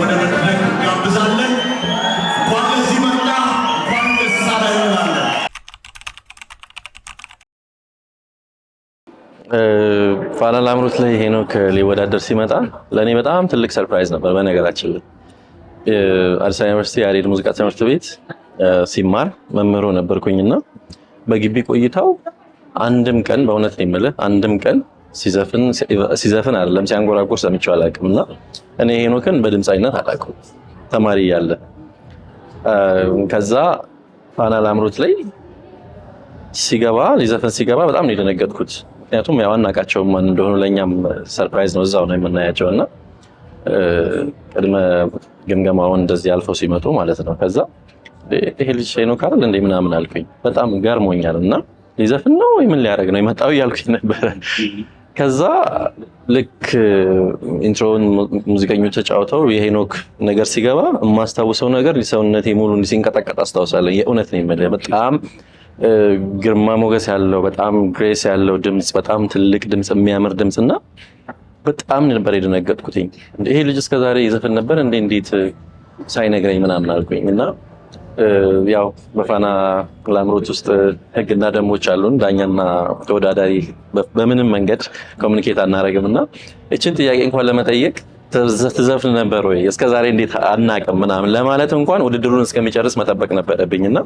ወደ መድረክ ጋብዛለን። እንኳን ለዚህ መጣ፣ እንኳን ደስ አለህ እንላለን። ፋና ላምሮት ላይ ሄኖክ ሊወዳደር ሲመጣ ለእኔ በጣም ትልቅ ሰርፕራይዝ ነበር። በነገራችን ላይ አዲስ ዩኒቨርሲቲ ያሬድ ሙዚቃ ትምህርት ቤት ሲማር መምህሮ ነበርኩኝና በግቢ ቆይታው አንድም ቀን በእውነት ነው የምልህ አንድም ቀን ሲዘፍን ሲዘፍን አይደለም ሲያንጎራጎር ሰምቼው አላውቅም። እና እኔ ሄኖክን በድምፃዊነት አላውቅም ተማሪ ያለ ከዛ ፋና ላምሮት ላይ ሲገባ ሊዘፍን ሲገባ በጣም ነው የደነገጥኩት። ምክንያቱም ያው አናውቃቸውም ማን እንደሆኑ ለእኛም ሰርፕራይዝ ነው፣ እዛው ነው የምናያቸው እና ቅድመ ግምገማውን እንደዚህ አልፈው ሲመጡ ማለት ነው። ከዛ ይሄ ልጅ ሄኖክ አይደል እንደ ምናምን አልኩኝ። በጣም ገርሞኛል እና ሊዘፍን ነው ወይ ምን ሊያደርግ ነው የመጣው እያልኩኝ ነበረ ከዛ ልክ ኢንትሮውን ሙዚቀኞች ተጫውተው የሄኖክ ነገር ሲገባ የማስታውሰው ነገር ሰውነቴ ሙሉ ሲንቀጠቀጥ አስታውሳለሁ። የእውነት ነው የምልህ በጣም ግርማ ሞገስ ያለው በጣም ግሬስ ያለው ድምፅ፣ በጣም ትልቅ ድምፅ፣ የሚያምር ድምፅ እና በጣም ነበር የደነገጥኩትኝ። ይሄ ልጅ እስከዛሬ ይዘፍን ነበር እንዴ እንዴት ሳይነግረኝ ምናምን አልኩኝ እና ያው በፋና ላምሮት ውስጥ ህግና ደንቦች አሉን። ዳኛና ተወዳዳሪ በምንም መንገድ ኮሚኒኬት አናደርግም እና እችን ጥያቄ እንኳን ለመጠየቅ ትዘፍን ነበር ወይ እስከ ዛሬ እንዴት አናቅም ምናምን ለማለት እንኳን ውድድሩን እስከሚጨርስ መጠበቅ ነበረብኝ እና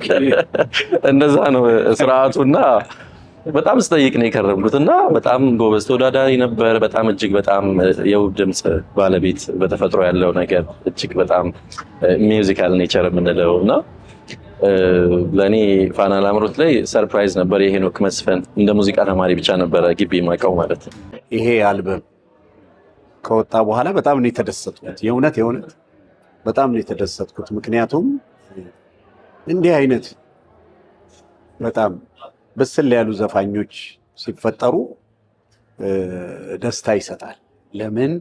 እንደዛ ነው ስርዓቱና በጣም ስጠይቅ ነው የከረምኩት እና በጣም ጎበዝ ተወዳዳሪ ነበር። በጣም እጅግ በጣም የውብ ድምፅ ባለቤት በተፈጥሮ ያለው ነገር እጅግ በጣም ሚውዚካል ኔቸር የምንለው እና ለእኔ ፋና ላምሮት ላይ ሰርፕራይዝ ነበር የሄኖክ መስፈን። እንደ ሙዚቃ ተማሪ ብቻ ነበረ ግቢ የማውቀው ማለት ነው። ይሄ አልበም ከወጣ በኋላ በጣም ነው የተደሰትኩት። የእውነት የእውነት በጣም ነው የተደሰትኩት። ምክንያቱም እንዲህ አይነት በጣም በስል ያሉ ዘፋኞች ሲፈጠሩ ደስታ ይሰጣል። ለምን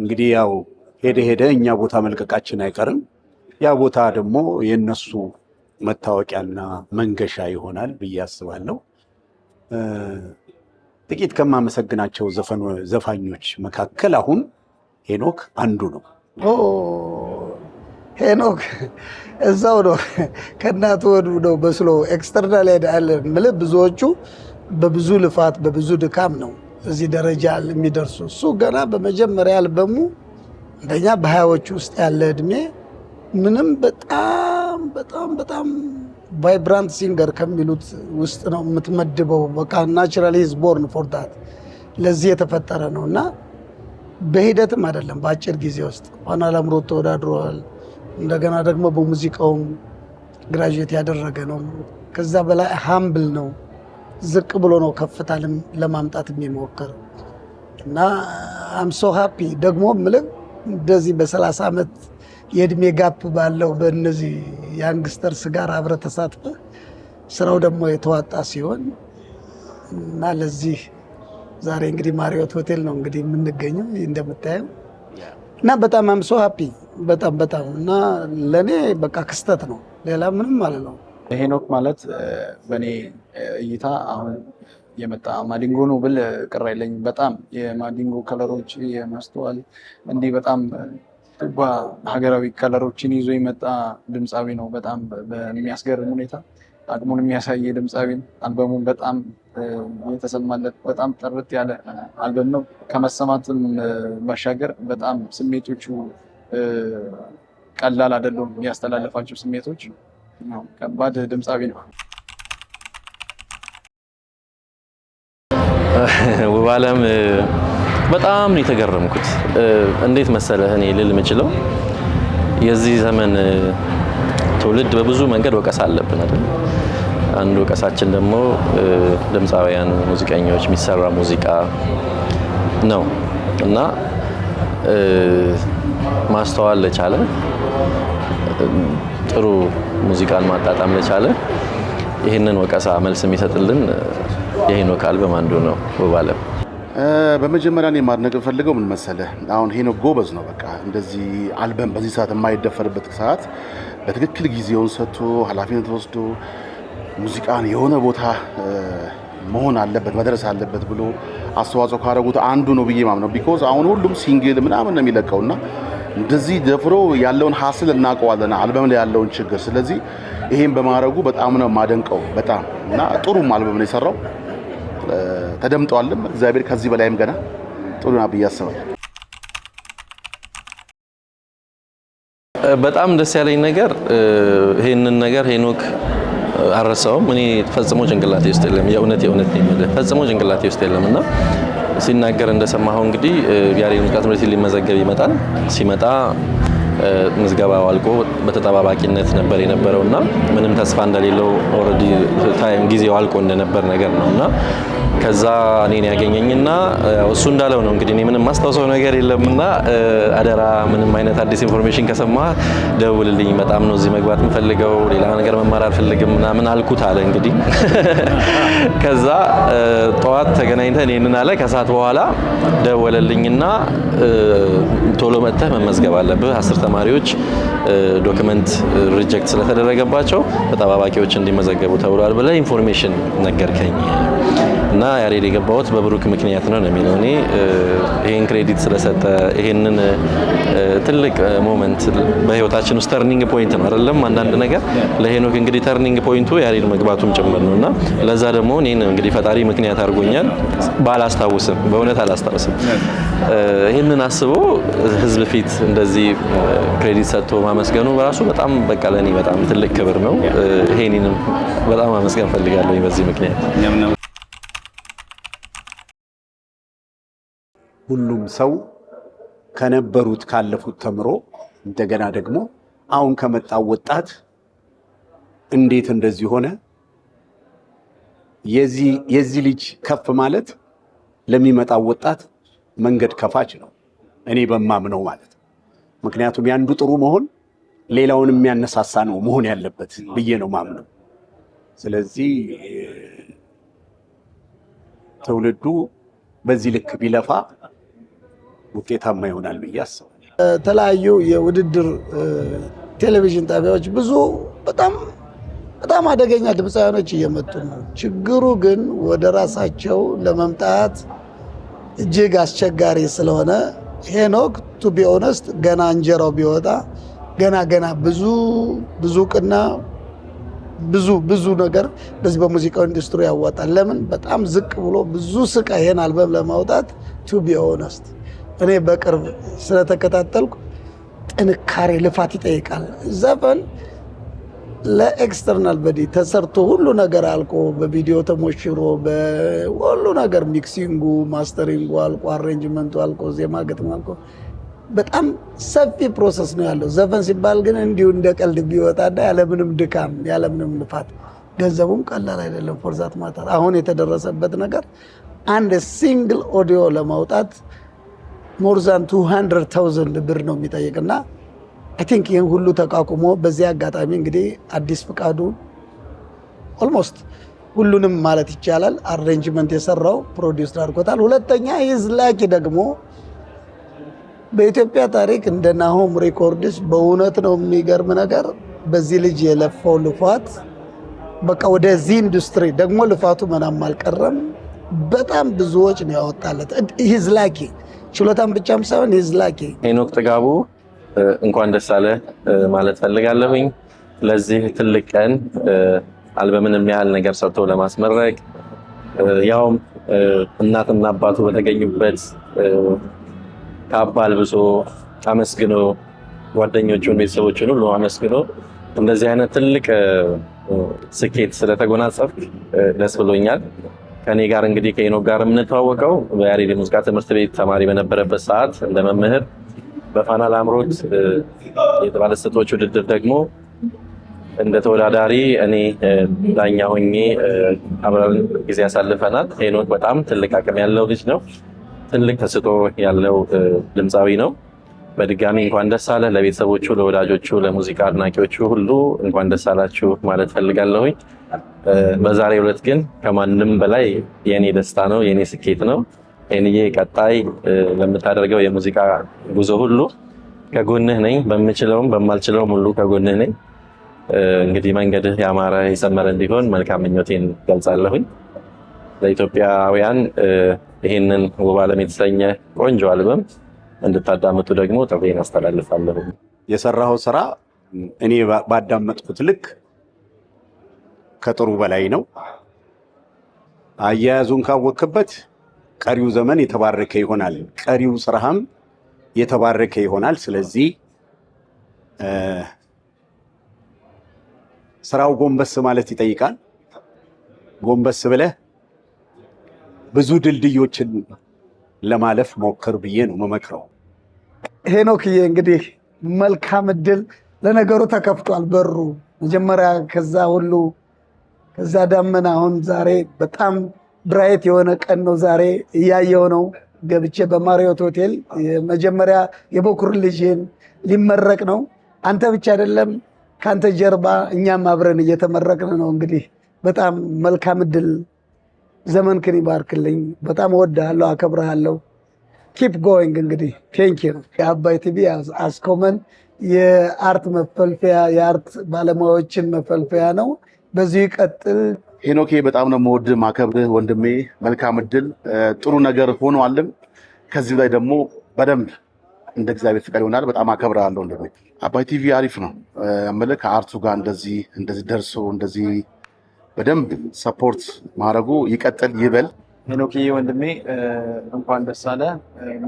እንግዲህ ያው ሄደ ሄደ እኛ ቦታ መልቀቃችን አይቀርም። ያ ቦታ ደግሞ የእነሱ መታወቂያና መንገሻ ይሆናል ብዬ አስባለሁ። ጥቂት ከማመሰግናቸው ዘፋኞች መካከል አሁን ሄኖክ አንዱ ነው። ሄኖክ እዛው ነው ከእናቱ ወዱ ነው በስሎ ኤክስተርናል ያለ ምል ብዙዎቹ በብዙ ልፋት በብዙ ድካም ነው እዚህ ደረጃ የሚደርሱ። እሱ ገና በመጀመሪያ አልበሙ እንደኛ በሀያዎች ውስጥ ያለ እድሜ ምንም በጣም በጣም በጣም ቫይብራንት ሲንገር ከሚሉት ውስጥ ነው የምትመድበው። በቃ ናቹራሊ ኢዝ ቦርን ፎር ዳት ለዚህ የተፈጠረ ነው እና በሂደትም አይደለም በአጭር ጊዜ ውስጥ ፋና ላምሮት ተወዳድረዋል። እንደገና ደግሞ በሙዚቃውም ግራጅዌት ያደረገ ነው። ከዛ በላይ ሀምብል ነው። ዝቅ ብሎ ነው ከፍታ ለማምጣት የሚሞክር እና አምሶ ሀፒ ደግሞ ምልም እንደዚህ በ30 ዓመት የእድሜ ጋፕ ባለው በእነዚህ ያንግስተርስ ጋር አብረ ተሳትፈ ስራው ደግሞ የተዋጣ ሲሆን እና ለዚህ ዛሬ እንግዲህ ማሪዮት ሆቴል ነው እንግዲህ የምንገኘው እንደምታየው እና በጣም አምሶ ሀፒ በጣም በጣም እና ለእኔ በቃ ክስተት ነው፣ ሌላ ምንም ማለት ነው። ሄኖክ ማለት በእኔ እይታ አሁን የመጣ ማዲንጎ ነው ብል ቅር አይለኝ። በጣም የማዲንጎ ከለሮች የማስተዋል እንዲህ በጣም ቱባ ሀገራዊ ከለሮችን ይዞ የመጣ ድምፃዊ ነው። በጣም በሚያስገርም ሁኔታ አቅሙን የሚያሳይ ድምፃዊ አልበሙን በጣም የተሰማለት በጣም ጥርት ያለ አልበም ነው። ከመሰማትም ባሻገር በጣም ስሜቶቹ ቀላል አይደለም። የሚያስተላልፋቸው ስሜቶች ከባድ ድምፃዊ ነው። ውብ አለም በጣም ነው የተገረምኩት። እንዴት መሰለህ እኔ ልል የምችለው የዚህ ዘመን ትውልድ በብዙ መንገድ ወቀሳ አለብን አይደል? አንዱ ወቀሳችን ደግሞ ድምፃውያን፣ ሙዚቀኞች የሚሰራ ሙዚቃ ነው እና ማስተዋል ለቻለ ጥሩ ሙዚቃን ማጣጣም ለቻለ ይህንን ወቀሳ መልስ የሚሰጥልን የሄኖክ አልበም አንዱ ነው። ውባለም በመጀመሪያ እኔ ማድነቅ ፈልገው ምን መሰለህ፣ አሁን ሄኖክ ጎበዝ ነው። በቃ እንደዚህ አልበም በዚህ ሰዓት የማይደፈርበት ሰዓት በትክክል ጊዜውን ሰጥቶ ኃላፊነት ወስዶ ሙዚቃን የሆነ ቦታ መሆን አለበት መድረስ አለበት ብሎ አስተዋጽኦ ካደረጉት አንዱ ነው ብዬ ማምነው። ቢኮዝ አሁን ሁሉም ሲንግል ምናምን ነው የሚለቀው እና እንደዚህ ደፍሮ ያለውን ሀስል እናውቀዋለን፣ አልበም ላይ ያለውን ችግር። ስለዚህ ይሄን በማድረጉ በጣም ነው የማደንቀው። በጣም እና ጥሩም አልበም ነው የሰራው፣ ተደምጠዋልም። እግዚአብሔር ከዚህ በላይም ገና ጥሩ ና ብዬ አስባለሁ። በጣም ደስ ያለኝ ነገር ይሄንን ነገር ሄኖክ አልረሳውም። እኔ ፈጽሞ ጭንቅላቴ ውስጥ የለም። የእውነት የእውነት ነው፣ ፈጽሞ ጭንቅላቴ ውስጥ የለም እና ሲናገር እንደሰማኸው እንግዲህ ያሬድ ሙዚቃ ትምህርት ሊመዘገብ ይመጣል። ሲመጣ ምዝገባው አልቆ በተጠባባቂነት ነበር የነበረው እና ምንም ተስፋ እንደሌለው ኦልሬዲ ታይም ጊዜው አልቆ እንደነበር ነገር ነው እና ከዛ እኔን ያገኘኝና እሱ እንዳለው ነው እንግዲህ ምንም ማስታውሰው ነገር የለምና አደራ ምንም አይነት አዲስ ኢንፎርሜሽን ከሰማ ደውልልኝ፣ በጣም ነው እዚህ መግባት የምፈልገው፣ ሌላ ነገር መማር አልፈልግም ምናምን አልኩት አለ እንግዲህ። ከዛ ጠዋት ተገናኝተን ይህንን አለ። ከሰዓት በኋላ ደወለልኝና ቶሎ መጥተህ መመዝገብ አለብህ። አስር ተማሪዎች ዶክመንት ሪጀክት ስለተደረገባቸው ተጠባባቂዎች እንዲመዘገቡ ተብሏል ብለህ ኢንፎርሜሽን ነገርከኝ። እና ያሬድ የገባሁት በብሩክ ምክንያት ነው ነው የሚለው። እኔ ይሄን ክሬዲት ስለሰጠ ይሄንን ትልቅ ሞመንት በህይወታችን ውስጥ ተርኒንግ ፖይንት ነው አይደለም? አንዳንድ ነገር ለሄኖክ እንግዲህ ተርኒንግ ፖይንቱ ያሬድ መግባቱም ጭምር ነው እና ለዛ ደግሞ እኔን እንግዲህ ፈጣሪ ምክንያት አድርጎኛል። ባላስታውስም በእውነት አላስታውስም። ይህንን አስቦ ህዝብ ፊት እንደዚህ ክሬዲት ሰጥቶ ማመስገኑ በራሱ በጣም በቃ ለእኔ በጣም ትልቅ ክብር ነው። ይሄንንም በጣም አመስገን ፈልጋለሁ በዚህ ምክንያት ሁሉም ሰው ከነበሩት ካለፉት ተምሮ እንደገና ደግሞ አሁን ከመጣው ወጣት እንዴት እንደዚህ ሆነ፣ የዚህ ልጅ ከፍ ማለት ለሚመጣው ወጣት መንገድ ከፋች ነው እኔ በማምነው ማለት ነው። ምክንያቱም ያንዱ ጥሩ መሆን ሌላውን የሚያነሳሳ ነው መሆን ያለበት ብዬ ነው ማምነው። ስለዚህ ትውልዱ በዚህ ልክ ቢለፋ ውጤታማ ይሆናል ብዬ አስባለሁ። የተለያዩ የውድድር ቴሌቪዥን ጣቢያዎች ብዙ በጣም በጣም አደገኛ ድምፃውያኖች እየመጡ ነው። ችግሩ ግን ወደ ራሳቸው ለመምጣት እጅግ አስቸጋሪ ስለሆነ ሄኖክ ቱ ቢ ኦነስት ገና እንጀራው ቢወጣ ገና ገና ብዙ ብዙ ቅና ብዙ ብዙ ነገር በዚህ በሙዚቃው ኢንዱስትሪ ያዋጣል። ለምን በጣም ዝቅ ብሎ ብዙ ስቃይ ይሄን አልበም ለማውጣት ቱ ቢ ኦነስት እኔ በቅርብ ስለተከታተልኩ ጥንካሬ፣ ልፋት ይጠይቃል። ዘፈን ለኤክስተርናል በዲ ተሰርቶ ሁሉ ነገር አልቆ በቪዲዮ ተሞሽሮ ሁሉ ነገር ሚክሲንጉ፣ ማስተሪንጉ አልቆ፣ አሬንጅመንቱ አልቆ፣ ዜማ ግጥም አልቆ በጣም ሰፊ ፕሮሰስ ነው ያለው። ዘፈን ሲባል ግን እንዲሁ እንደ ቀልድ ቢወጣና ያለምንም ድካም ያለምንም ልፋት ገንዘቡም ቀላል አይደለም። ፎርዛት ማተር አሁን የተደረሰበት ነገር አንድ ሲንግል ኦዲዮ ለማውጣት ሞር ዛን 200,000 ብር ነው የሚጠይቅና አይ ቲንክ ይህን ሁሉ ተቋቁሞ በዚህ አጋጣሚ እንግዲህ አዲስ ፍቃዱ ኦልሞስት ሁሉንም ማለት ይቻላል አሬንጅመንት የሰራው ፕሮዲውስ አድርጎታል። ሁለተኛ ይዝ ላኪ ደግሞ በኢትዮጵያ ታሪክ እንደ ናሆም ሪኮርድስ በእውነት ነው የሚገርም ነገር። በዚህ ልጅ የለፋው ልፋት በቃ ወደዚህ ኢንዱስትሪ ደግሞ ልፋቱ ምናም አልቀረም። በጣም ብዙዎች ነው ያወጣለት ይዝ ላኪ ችሎታም ብቻም ሳይሆን የዝላቂ ሄኖክ ጥጋቡ እንኳን ደስ አለ ማለት ፈልጋለሁኝ። ለዚህ ትልቅ ቀን አልበምን የሚያህል ነገር ሰርቶ ለማስመረቅ ያውም እናትና አባቱ በተገኙበት ካባ አልብሶ አመስግኖ ጓደኞቹን ቤተሰቦችን ሁሉ አመስግኖ እንደዚህ አይነት ትልቅ ስኬት ስለተጎናጸፍክ ደስ ብሎኛል። ከኔ ጋር እንግዲህ ከሄኖክ ጋር የምንተዋወቀው በያሬድ ሙዚቃ ትምህርት ቤት ተማሪ በነበረበት ሰዓት እንደ መምህር በፋና ላምሮት የባለስጦች ውድድር ደግሞ እንደ ተወዳዳሪ እኔ ዳኛ ሆኜ አብረን ጊዜ ያሳልፈናል። ሄኖክ በጣም ትልቅ አቅም ያለው ልጅ ነው። ትልቅ ተስጦ ያለው ድምፃዊ ነው። በድጋሚ እንኳን ደስ አለ ለቤተሰቦቹ፣ ለወዳጆቹ፣ ለሙዚቃ አድናቂዎቹ ሁሉ እንኳን ደስ አላችሁ ማለት ፈልጋለሁኝ። በዛሬው ዕለት ግን ከማንም በላይ የኔ ደስታ ነው፣ የኔ ስኬት ነው። እኔ ቀጣይ ለምታደርገው የሙዚቃ ጉዞ ሁሉ ከጎንህ ነኝ። በምችለውም በማልችለውም ሁሉ ከጎንህ ነኝ። እንግዲህ መንገድህ ያማረ የሰመረ እንዲሆን መልካም ምኞቴን ገልጻለሁኝ። ለኢትዮጵያውያን ይህንን ውብ ዓለም የተሰኘ ቆንጆ አልበም እንድታዳምጡ ደግሞ ጥሬን አስተላልፋለሁ። የሰራኸው ስራ እኔ ባዳመጥኩት ልክ ከጥሩ በላይ ነው። አያያዙን ካወቅበት ቀሪው ዘመን የተባረከ ይሆናል። ቀሪው ስራህም የተባረከ ይሆናል። ስለዚህ ስራው ጎንበስ ማለት ይጠይቃል። ጎንበስ ብለህ ብዙ ድልድዮችን ለማለፍ ሞክር ብዬ ነው መመክረው። ሄኖክዬ እንግዲህ መልካም እድል። ለነገሩ ተከፍቷል በሩ መጀመሪያ ከዛ ሁሉ ከዛ ዳመና አሁን ዛሬ በጣም ብራይት የሆነ ቀን ነው ዛሬ እያየው ነው። ገብቼ በማሪዮት ሆቴል የመጀመሪያ የበኩር ልጅን ሊመረቅ ነው። አንተ ብቻ አይደለም ከአንተ ጀርባ እኛም አብረን እየተመረቅን ነው። እንግዲህ በጣም መልካም እድል ዘመንክን ይባርክልኝ። በጣም እወድሃለሁ፣ አከብረሃለሁ። ኪፕ ጎይንግ እንግዲህ ቴንኪ ነው። የአባይ ቲቪ አስኮመን የአርት መፈልፈያ የአርት ባለሙያዎችን መፈልፈያ ነው። በዚህ ይቀጥል። ሄኖኬ በጣም ነው መወድ ማከብርህ ወንድሜ። መልካም እድል፣ ጥሩ ነገር ሆኖ ከዚህ ላይ ደግሞ በደንብ እንደ እግዚአብሔር ፍቃድ ይሆናል። በጣም አከብርሃለሁ ወንድሜ። አባይ ቲቪ አሪፍ ነው የምልህ ከአርቱ ጋር እንደዚህ እንደዚህ ደርሶ እንደዚህ በደንብ ሰፖርት ማድረጉ ይቀጥል ይበል። ሄኖኬ ወንድሜ እንኳን ደስ አለ።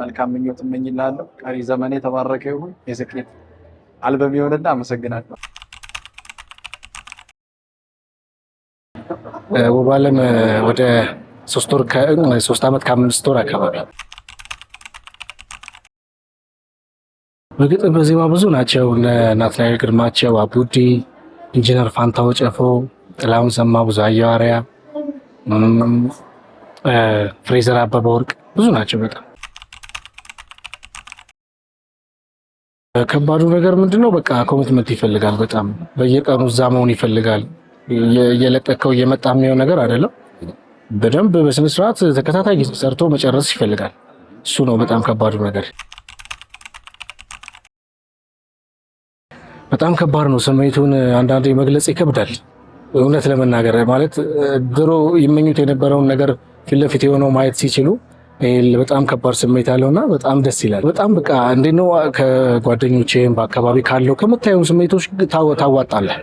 መልካም ምኞት እመኝልሃለሁ። ቀሪ ዘመን የተባረከ ይሁን። የስኬት አልበም ይሆንልህ። አመሰግናለሁ። ውብ አለም ወደ ሶስት ዓመት ከአምስት ወር አካባቢ በግጥም በዜማ ብዙ ናቸው። ናትናኤል ግርማቸው፣ አቡዲ፣ ኢንጂነር ፋንታው ጨፎ፣ ጥላሁን ሰማ፣ ብዙ አርአያ፣ ፍሬዘር አበበ ወርቅ ብዙ ናቸው በጣም ከባዱ ነገር ምንድነው? በቃ ኮሚትመንት ይፈልጋል። በጣም በየቀኑ እዛ መሆን ይፈልጋል። እየለቀቀው እየመጣ የሚሆን ነገር አይደለም። በደንብ በስነ ስርዓት ተከታታይ ጊዜ ሰርቶ መጨረስ ይፈልጋል። እሱ ነው በጣም ከባዱ ነገር። በጣም ከባድ ነው። ስሜቱን አንዳንዴ መግለጽ ይከብዳል። እውነት ለመናገር ማለት ድሮ ይመኙት የነበረውን ነገር ፊት ለፊት የሆነው ማየት ሲችሉ በጣም ከባድ ስሜት አለውእና በጣም ደስ ይላል። በጣም በቃ እንዴት ነው ከጓደኞቼም በአካባቢ ካለው ከምታየው ስሜቶች ታዋጣለህ።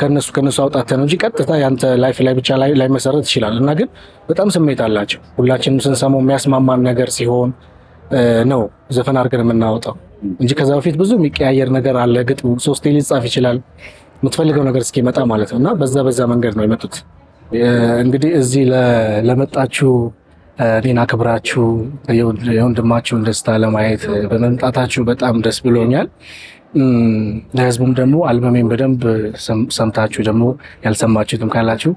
ከነሱ ከነሱ አውጣተ ነው እንጂ ቀጥታ ያንተ ላይፍ ላይ ብቻ ላይ መሰረት ይችላል እና ግን በጣም ስሜት አላቸው። ሁላችንም ስንሰማው የሚያስማማን ነገር ሲሆን ነው ዘፈን አድርገን የምናወጣው እንጂ ከዛ በፊት ብዙ የሚቀያየር ነገር አለ። ግጥም ሶስቴ ሊጻፍ ይችላል የምትፈልገው ነገር እስኪመጣ ማለት ነው እና በዛ በዛ መንገድ ነው የመጡት። እንግዲህ እዚህ ለመጣችሁ እኔን አክብራችሁ የወንድማችሁን ደስታ ለማየት በመምጣታችሁ በጣም ደስ ብሎኛል። ለህዝቡም ደግሞ አልበሜን በደንብ ሰምታችሁ ደግሞ ያልሰማችሁትም ካላችሁ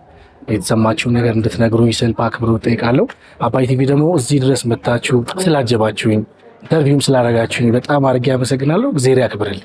የተሰማችሁ ነገር እንድትነግሩ ይስል በአክብሮ ጠይቃለሁ። አባይ ቲቪ ደግሞ እዚህ ድረስ መታችሁ ስላጀባችሁኝ ኢንተርቪውም ስላረጋችሁኝ በጣም አድርጌ አመሰግናለሁ። እግዜር ያክብርልኝ።